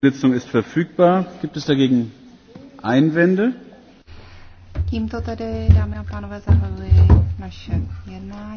Sitzung ist verfügbar. Gibt es dagegen Einwände? Tímto tedy, dámy a pánové, zahajuji naše jednání.